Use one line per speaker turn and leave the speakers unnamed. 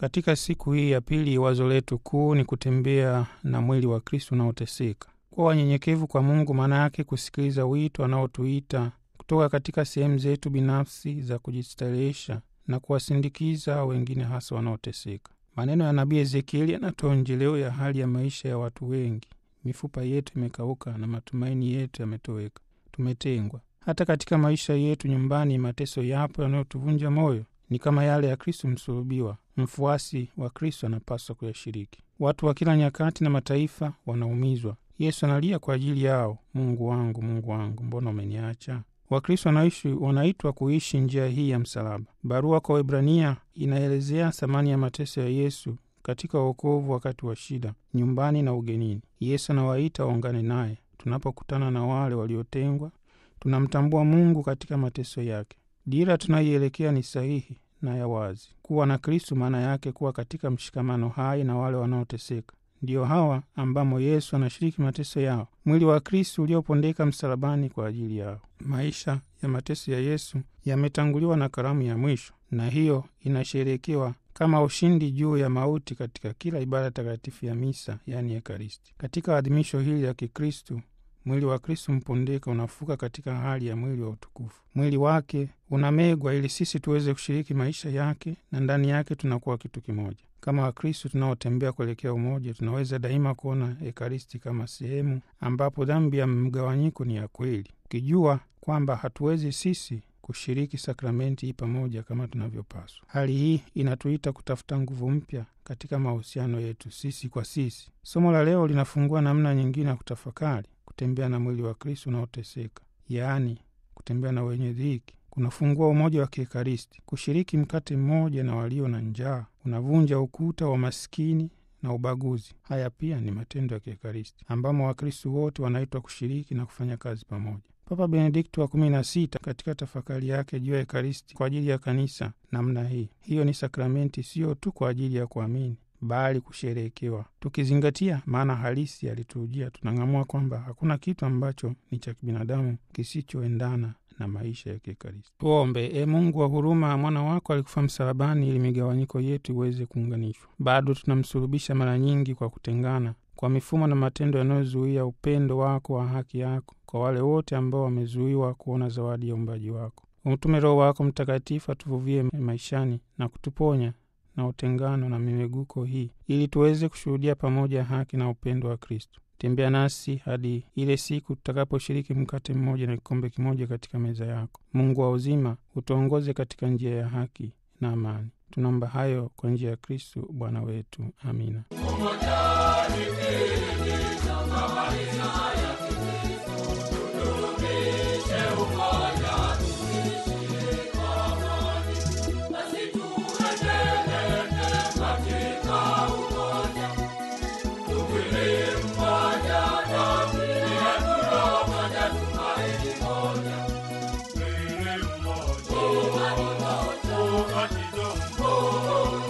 Katika siku hii ya pili, wazo letu kuu ni kutembea na mwili wa Kristu unaoteseka, kuwa wanyenyekevu kwa Mungu. Maana yake kusikiliza wito anaotuita kutoka katika sehemu zetu binafsi za kujistarehesha na kuwasindikiza wengine, hasa wanaoteseka. Maneno ya nabii Ezekieli yanatoa njeleo ya hali ya maisha ya watu wengi. Mifupa yetu imekauka na matumaini yetu yametoweka, tumetengwa. Hata katika maisha yetu nyumbani, mateso yapo yanayotuvunja moyo ni kama yale ya Kristu msulubiwa. Mfuasi wa Kristu anapaswa kuyashiriki. Watu wa kila nyakati na mataifa wanaumizwa. Yesu analia kwa ajili yao, Mungu wangu, Mungu wangu, mbona umeniacha? wakristu wanaishi wanaitwa kuishi njia hii ya msalaba. Barua kwa Waebrania inaelezea thamani ya mateso ya Yesu katika uokovu wakati wa shida, nyumbani na ugenini. Yesu anawaita waungane naye. Tunapokutana na wale waliotengwa, tunamtambua Mungu katika mateso yake. Dira tunayoielekea ni sahihi, na ya wazi. Kuwa na Kristu maana yake kuwa katika mshikamano hai na wale wanaoteseka, ndiyo hawa ambamo Yesu anashiriki mateso yao, mwili wa Kristu uliopondeka msalabani kwa ajili yao. Maisha ya mateso ya Yesu yametanguliwa na karamu ya mwisho, na hiyo inasherekewa kama ushindi juu ya mauti katika kila ibada takatifu ya misa, yani Ekaristi. Katika adhimisho hili la Kikristu, Mwili wa Kristu mpundika unafuka katika hali ya mwili wa utukufu. Mwili wake unamegwa ili sisi tuweze kushiriki maisha yake, na ndani yake tunakuwa kitu kimoja. Kama Wakristu tunaotembea kuelekea umoja, tunaweza daima kuona Ekaristi kama sehemu ambapo dhambi ya mgawanyiko ni ya kweli, ukijua kwamba hatuwezi sisi kushiriki sakramenti hii pamoja kama tunavyopaswa. Hali hii inatuita kutafuta nguvu mpya katika mahusiano yetu sisi kwa sisi. Somo la leo linafungua namna nyingine ya kutafakari kutembea na mwili wa kristu unaoteseka, yaani kutembea na wenye dhiki kunafungua umoja wa Kiekaristi. Kushiriki mkate mmoja na walio na njaa unavunja ukuta wa masikini na ubaguzi. Haya pia ni matendo ya Kiekaristi ambamo Wakristu wote wanaitwa kushiriki na kufanya kazi pamoja. Papa Benedikto wa kumi na sita katika tafakari yake juu ya Ekaristi kwa ajili ya kanisa namna hii, hiyo ni sakramenti siyo tu kwa ajili ya kuamini, bali kusherehekewa. Tukizingatia maana halisi yalitujia tunang'amua kwamba hakuna kitu ambacho ni cha kibinadamu kisichoendana na maisha ya Kikristo. Tuombe. E Mungu wa huruma, mwana wako alikufa msalabani ili migawanyiko yetu iweze kuunganishwa. Bado tunamsulubisha mara nyingi kwa kutengana, kwa mifumo na matendo yanayozuia upendo wako wa haki yako kwa wale wote ambao wamezuiwa kuona zawadi ya umbaji wako. Umtume Roho wako Mtakatifu atuvuvie maishani na kutuponya na utengano na miweguko hii, ili tuweze kushuhudia pamoja haki na upendo wa Kristo. Tembea nasi hadi ile siku tutakaposhiriki mkate mmoja na kikombe kimoja katika meza yako. Mungu wa uzima, utuongoze katika njia ya haki na amani. Tunaomba hayo kwa njia ya Kristu Bwana wetu. Amina. oh, oh.